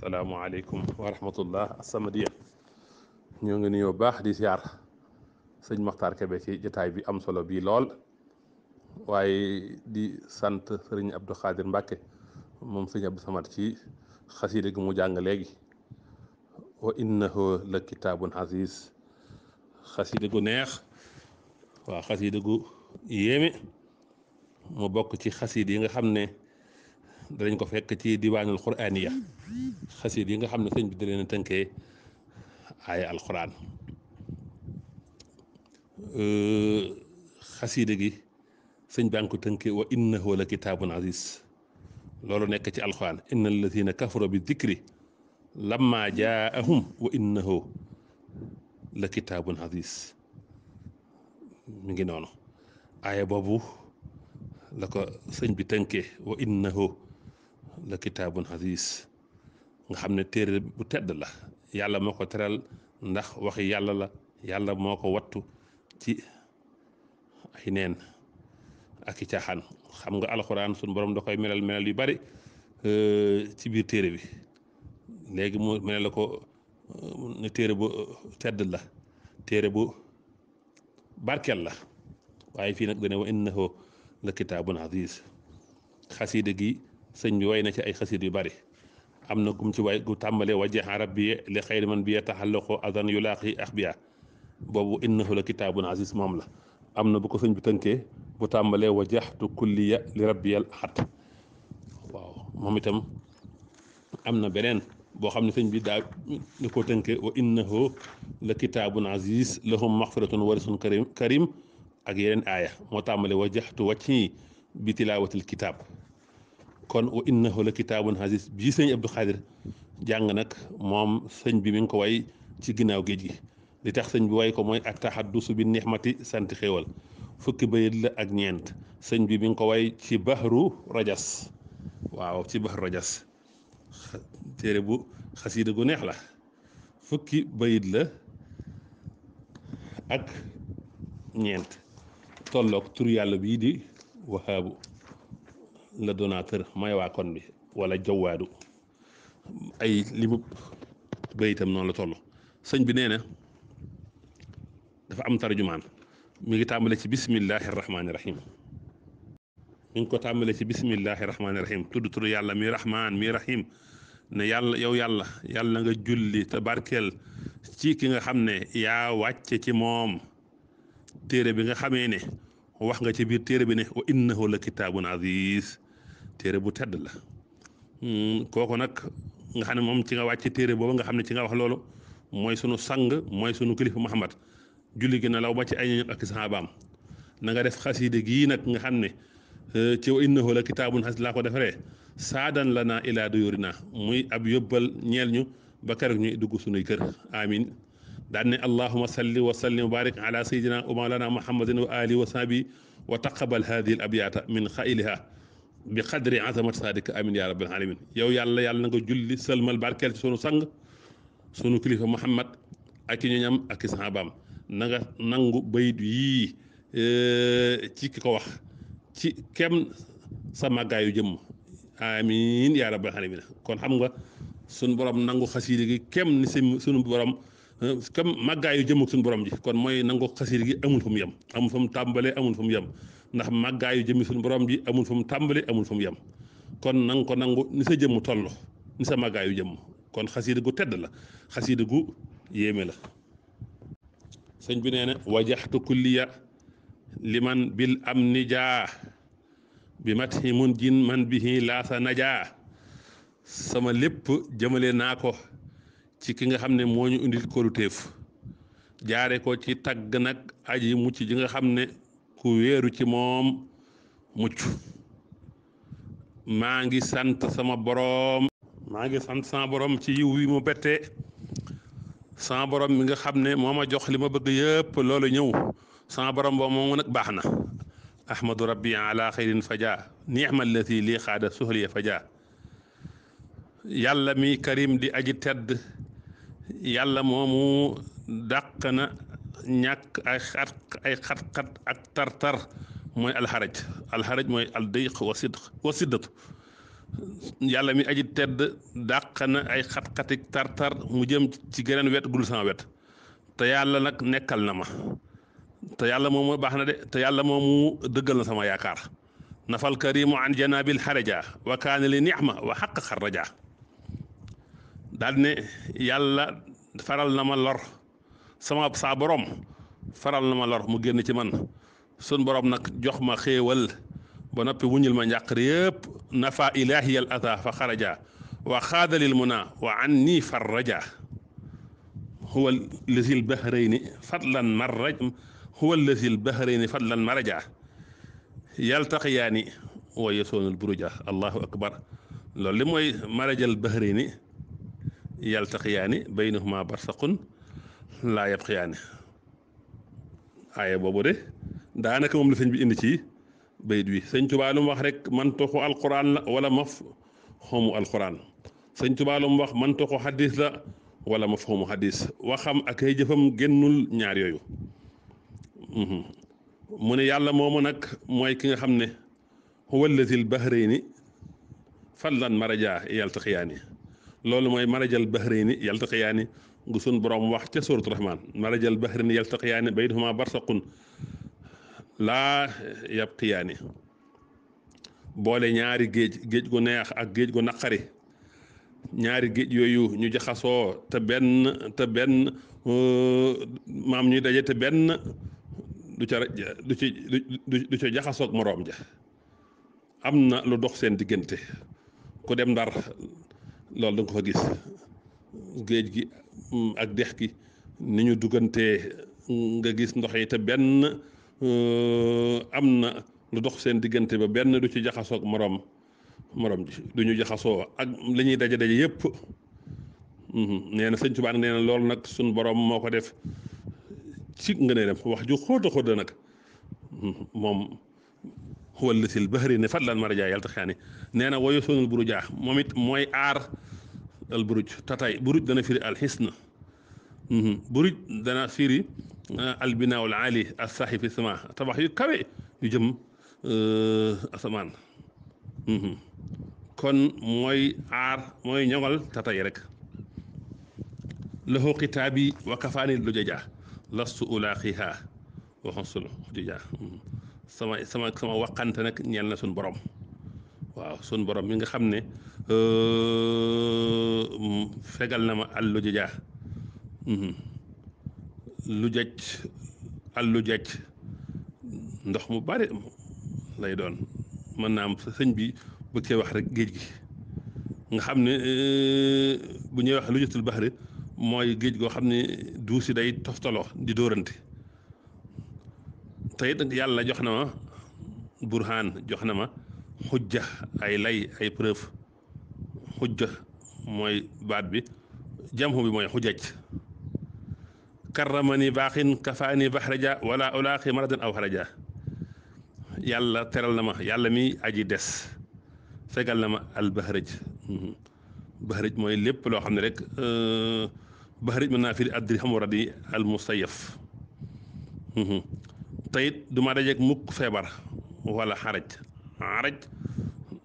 salaamualeykum wa rahmatullah asamadia ñoo ngi nuyoo baax di ziar sëñ Maxtaar Kebe ci jataay bi am solo bii lool waaye di sant sëriñ Abdou Khadir Mbàkke moom sëñ Abdou Samad ci xasiida gi mu jàng léegi wa innahu la kitaabun aziz xasiida gu neex waa xasiida gu yéeme mu bokk ci xasiida yi nga xam ne danañ ko fekk ci diwaanul quraaniya xasiid yi nga xam ne sëñ bi da leen a tënkee ay alquran xasiida gi sëñ baa ngi ko tënkee wa innahu la kitaabun aziz loolu nekk ci alquran inna alladina kafaro bi dikri lamma jaahum wa innahu la kitaabun aziz mi ngi noonu aaya boobu la ko sëñ bi tënkee wa innahu la kitaabun xasiis nga xam ne téere bu tedd la yàlla moo ko teral ndax waxi yàlla la yàlla moo ko wattu ci ay neen ak i caaxaan xam nga alxuraan sun borom da koy melal melal yu bari euh, ci biir téere bi léegi mu melal la ko euh, ne téere bu euh, tedd la téere bu barkeel la waaye fii nag dane wa innahu la kitaabun aziz xasiida sëñ bi way na ci ay xasit yu bari am na kum ci way gu tàmbalee wajjaxa rabbi li xayri man bi yataxallaqu adan yulaaqi axbiya boobu innahu la kitaabun aziz moom la am na bu ko sëñ bi tënkee bu tàmbalee wajjaxtu kulliya li rabbiyal ahad moom itam am na beneen boo xam ne sëñ bi daa da koo tënkee wa innahu la kitaabun aziz lahum maxfiratun warisun karim karim ak yeneen aaya moo tàmbalee wajjaxtu wàcc bi tilaawatil kitaab kon wa innahu la kitaabun aziz bii sëñ Abdou Khadir jàng nag moom sëñ bi mi ngi ko way ci ginnaaw géej gi li tax sëñ bi way ko mooy ak taxaddusu bi nixmati sant xéewal fukki bayit la ak ñeent sëñ bi mi ngi ko way ci bahru waaw ci bahru rajas bu xasiida gu neex la fukki bayit la ak ñeent tolloog tur yàlla bii di wahaabu le donateur mooy waa kon bi wala jawaadu ay limub bayitam noonu la toll sëñ bi nee na dafa am tarjumaan mi ngi tàmbale ci bismillahi rahmaani rahim ko tàmbale ci bismillahi rahmaani rahim tudd tudd yàlla mi rahmaan mi rahim ne yàlla yow yàlla yàlla nga julli te barkeel ci ki nga xam ne yaa wàcce ci moom téere bi nga xamee ne wax nga ci biir téere bi ne wa innahu la kitaabun aziz téere bu tedd la hmm, kooku nag nga xam ne moom ci nga wàcc téere boobu nga xam ne ci nga wax loolu mooy sunu sang mooy sunu kilifa Muhammad julli gi na law ba ci ay ñoñ ak saxaabaam na nga def xasiide gii nag nga xam ne euh, ci wa innahu la kitaabun xas laa ko defaree saadan la naa ilaa duyóori muy ab yóbbal ñeel ñu ba keroog ñuy dugg sunuy kër amin daan ne allahuma salli wa sallim wa barik ala sayidina wa mawlana muhammadin wa alihi wa sahbi wa taqabal hadihi abyaata min xayliha bi xadri azamat sadik amin ya rabbal alamin yow yàlla yàlla na nga julli sëlmal barkeel ci sunu sang sunu kilifa muhammad ak i ñoñam ak i sahabaam na nga nangu bayit yii e, ci ki ko wax ci kem sa màggaayu jëmm amin ya rabbal alamin kon xam nga sun borom nangu xasiida gi kem ni si sunu borom e, kem màggaayu jëmm ak sunu borom ji kon mooy nangu xasiida gi amul fu mu yem amul fu mu tàmbalee amul fu mu yem ndax màggaayu jëmmi suñu borom ji amul fu mu tàmbali amul fu mu yem kon na ko nangu ni sa jëmm toll ni sa màggaayu jëmm kon xasiida gu tedd la xasiida gu yéeme la sëñ bi nee na wajaxtu li man bil am nijaa bi mati mun jin man bi bihi laasa najaa sama lépp jëmale naa ko ci ki nga xam ne moo ñu indil kóolu téef jaare ko ci tagg nag aji mucc ji nga xam ne ku wéeru ci moom mucc maa ngi sant sama boroom maa ngi sant sama boroom ci yiw wi mu bette sama boroom mi nga xam ne moo ma jox li ma bëgg yëpp loolu ñëw sama boroom boo moomu nag baax na ahmadu rabbi ala xayrin faja ni'ma allati lii xaada suhliya faja yàlla mi karim di aji tedd yàlla moomu dàq na ñàkk ay xat xat ak tar-tar mooy alxaraj alxaraj mooy aldayq wa sidq wa siddatu yàlla mi aji tedd dàq na ay xat-xati tar-tar mu jëm ci geneen wet gul san wet te yàlla nag nekkal na ma te yàlla moomu baax na de te yàlla moomu dëggal na sama yaakaar nafal karimu an janabil xaraja wa kaana li nixma wa xaq xaraja daal ne yàlla faral na ma lor sama saa borom faral na ma lor mu génn ci man sun borom nag jox ma xéewal ba noppi wuñul ma njàqar yëpp nafa ilahiyal ata fa xaraja wa xaadalil muna wa an nii farraja huwa lazil bahrayni fadlan marraj huwa lazil bahrayni fadlan maraja yaltaqiyaani wa yasoonul buruja allahu akbar loolu li mooy marajal bahrayni yaltaqiyaani baynahuma barsaqun laa yab xiyaane aaye boobu de daanaka moom la sëñ bi indi ci bayit wi sëñ Tuubaa wax rek man toxu alquran la wala maf xoomu alquran sëñ Tuubaa lu mu wax man toxu la wala maf xoomu xadis waxam ak ay jëfam génnul ñaar yooyu mhm. mu ne yàlla moomu nag mooy ki nga xam ne huwa lazil bahrayni fallan maraja yaltaqiyaani loolu mooy marajal bahrayni yaltaqiyaani ngu sun borom wax ca suuratu rahmaan marajal bahrin yaltaqiyaani baynahuma barsaqun laa yabqiyaani boole ñaari géej géej gu neex ak géej gu naqari ñaari géej yooyu ñu jaxasoo te benn te benn uh, maam ñuy daje te benn du ca du ci du ca jaxasoo moroom ja am na lu dox seen diggante ku dem ndar loolu da ko fa gis géej gi mm, ak dex gi ni ñu duggantee nga gis ndox yi te benn euh, am na lu dox seen diggante ba benn du ci jaxasoog moroom moroom ji du ñu jaxasoo ak li ñuy daje daje yépp mm-hmm. nee na sëñ Tuubaa nee na loolu nag suñ borom moo ko def ci nga ne dem wax ju xóota xóota nag mm-hmm. moom wala sil ba bahri ne fadlan marja ma tax yaa ne nee na woyu sonul buru jaax moom it mooy aar al buruj tataay buruj dana firi al xisna mhm. buruj dana firi ah, al binaaw al ali al saaxi fi sama tabax yu kawe yu jëm ah, asamaan mhm. kon mooy aar mooy ñoŋal tataay rek lahu kitaabi wa lu jajaa lastu ulaaqiha waxoon sulu jajaa mhm. sama sama sama waqante nag ñeel na suñ borom waaw sun borom mi nga xam ne euh, fegal na ma àllu ji jaax mhm. lu jaj àllu jaj ndox mu bari lay doon mën naa am sëñ bi bëggee wax rek géej gi nga xam ne euh, bu ñuy wax lu jëtul baxari mooy géej goo xam ne duusi day toftaloo di dóorante te yàlla jox na ma burhaan jox na ma xujja ay lay ay preuve xujja mooy baat bi jamhu bi mooy xujaj karramani baaxin kafaani baxraja wala ulaaqi maradan aw xaraja yàlla teral na ma yàlla mi aji des fegal na ma al baxraj mhm. baxraj mooy lépp loo xam ne rek euh, baxraj mën naa firi al mustayaf mhm. teyit duma dajeek mukk feebar wala xaraj araj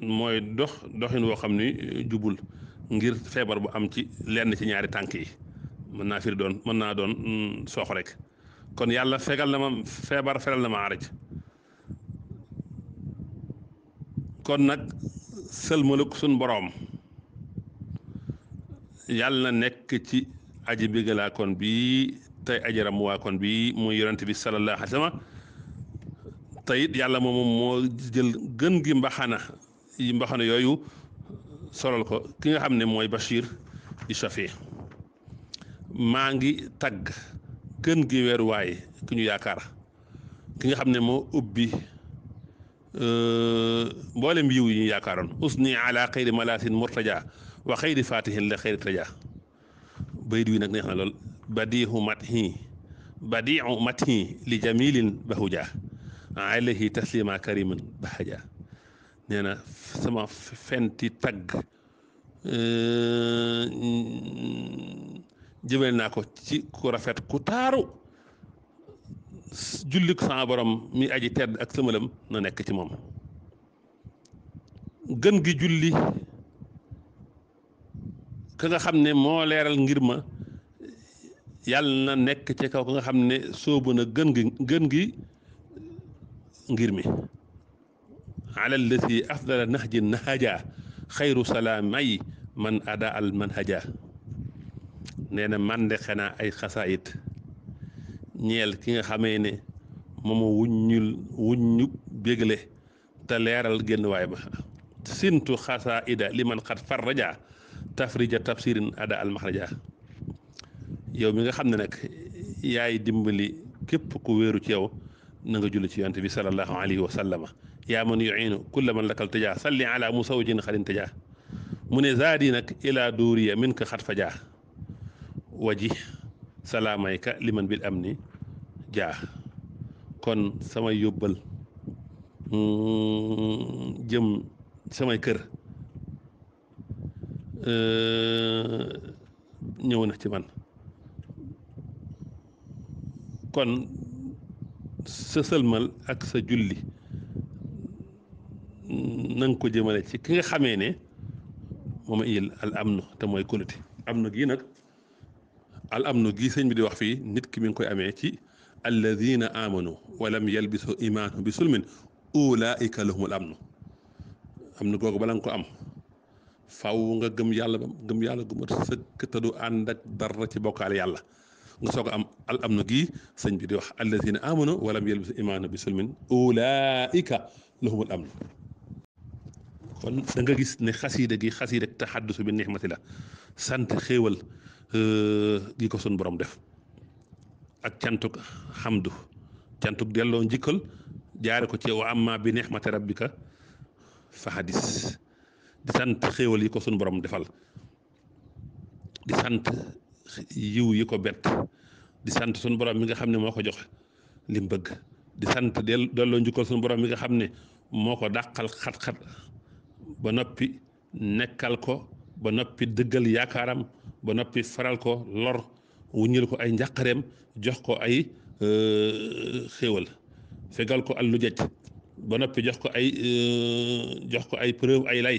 mooy dox doxin woo xam ni eh, jubul ngir feebar bu am ci lenn ci ñaari tànk yi mën naa firi doon mën naa doon mm, soox rek kon yàlla fegal na ma feebar feral na ma araj kon nag sël sëlmaluk suñ boroom yàlla na nekk ci aji bégalaa kon bii tey ajaram waa kon bii muy yonent bi sallallahu alayhi wa te yàlla moom moo jël gën gi mbaxana yi mbaxana yooyu solal ko ki nga xam ne mooy Bachir di Chafi maa ngi tagg gën gi weeruwaay ki ñu yaakaar ki nga xam ne moo ubbi euh, mboolem yiw yi ñu yaakaaroon usni ala xayri malaasin murtaja wa xayri fatihin la xayri taja bayit wi nag neex na lool badihu mathi badiu mathi li jamilin bahuja alayhi taslima kariman baxaja nee na sama fenti tagg eh, jëmale naa ko ci ku rafet ku taaru jullik sama borom mi aji tedd ak sëmalam na nekk ci moom gën gi julli ka nga xam ne moo leeral ngir ma yàlla na nekk ci kaw ka nga xam ne sóobu na gën gi gën gi ngir mi ala allati afdala nahji nahaja xayru salaamay man ada man manhaja nee na man de xanaa ay xasaayit ñeel ki nga xamee ne moomu wuññul wuññu bégle te leeral génn waay ba sintu xasaida li man xat farraja tafrija tafsirin ada al maxraja yow mi nga xam ne nag yaay dimbali képp ku wéeru ci yow na nga julli ci yonent bi sallallahu alayhi wa sallama yaa man yuinu kulla man lakal tijaa salli ala musawjin xalin tijaa mu ne zaadi nag ilaa duuriya min ka xat fa jaa waji salaamayka liman bil am ni jaa kon samay yóbbal mm, jëm samay kër euh, ñëw na ci man kon sa sëlmal ak sa julli na nga ko jëmale ci ki nga xamee ne moom il al amnu te mooy am amnu gii nag al amnu gii sëñ bi di wax fii nit ki mi ngi koy amee ci alladina amanu walam yalbisu imaanu bi sulmin ulaika lahumul amnu am na googu bala nga ko am faw nga gëm yàlla ba gëm yàlla gu sëkk te du ànd ak dara ci bokkaal yàlla nga soog a am al amnu gii sëñ bi di wax allazina amanu walam yelbisu imaana bi sulmin ulaika lahumul amn kon da nga gis ne xasiida gi xasiida taxaddusu bi nixmati la sant xéewal euh, gi ko sun borom def ak cantuk xamdu cantuk delloo njikkal jaare ko ci wa amma bi nixmati rabbika fa xadis di sant xéewal yi ko sun borom defal di sant yiw yi ko bett di sant sunu borom mi nga xam ne moo ko jox li bëgg di sant del delloo njukkal sunu borom mi nga xam ne moo ko daqal xat-xat ba noppi nekkal ko ba noppi dëggal yaakaaram ba noppi faral ko lor wuññil ko ay njàqareem jox ko ay euh, xéewal fegal ko allu jëj ba noppi jox ko ay euh, jox ko ay preuve ay lay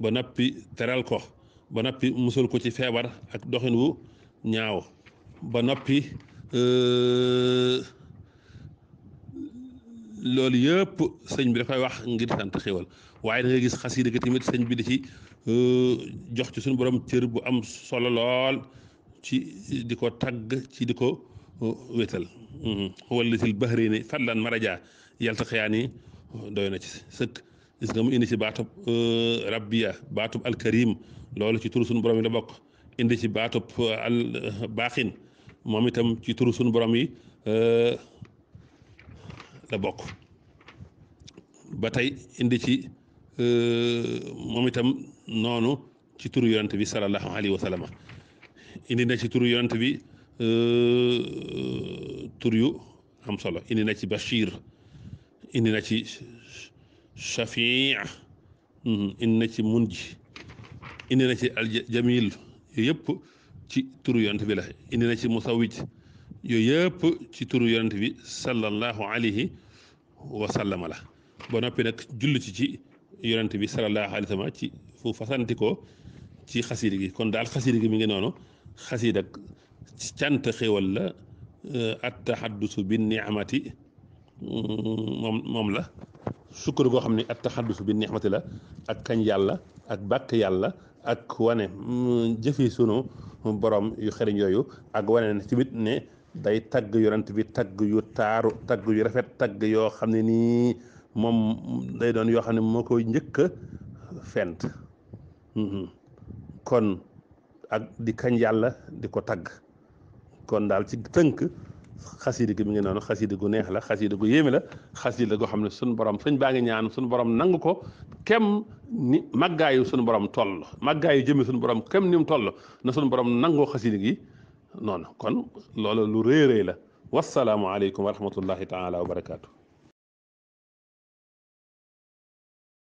ba noppi teral ko ba noppi musal ko ci feebar ak doxin wu ñaaw ba noppi euh, loolu yëpp sëñ bi da koy wax ngir sant xéwal waaye da ngay gis xasida gi tamit sëñ bi di ci euh, jox ci suñu borom cër bu am solo lool ci di ko tagg ci di ko euh, wétal mm-hmm. wallatil bahrayni fadlan maraja yaltaqiyaani doy na ci sëkk gis nga mu indi ci baatub rabbiya baatub alkarim loolu ci turu sunu borom yi la bokk indi ci baatub euh, al moom itam ci turu sunu borom yi euh, la bokk ba tey indi ci euh, moom itam noonu ci turu yonent bi sallallahu alayhi wa salama indi na ci turu yonent bi tur yu am solo indi na ci Bachir indi na ci Shafii mm-hmm. indi na ci Munji indi na ci aljamil yooyu yëpp ci turu yonent bi la indi na ci musawij yooyu yëpp ci turu yonent bi sallallahu alayhi wa la ba noppi nag julli ci ci yonent bi sallallahu alayhi wa ci fu fasantikoo ci xasida gi kon daal xasida gi mi ngi noonu xasida ak cant xéwal la euh, at taxaddusu bi ni'mati moom moom la sukkur goo xam ne at taxaddusu bi ni'mati la ak kañ yàlla ak bàkk yàlla ak wane mm, jëfi sunu borom yu xëriñ yooyu ak wane ne tamit ne day tagg yonent bi tagg yu taaru tagg yu rafet tagg yoo xam ne nii moom day doon yoo xam ne moo koy njëkk a fent mm-hmm. kon ak di kañ yàlla di ko tagg kon daal ci tënk xasida gi mi ngi noonu xasida gu neex la xasida gu yéeme la xasida goo xam ne suñ borom sëñ baa ngi ñaan suñ borom nangu ko kem ni màggaayu suñu borom toll màggaayu jëme suñu borom kem ni mu toll na suñu borom nangoo xasida gi noonu kon loolu lu rëy rëy la wasalaamualeykum wa rahmatullahi taala wa barakaatu.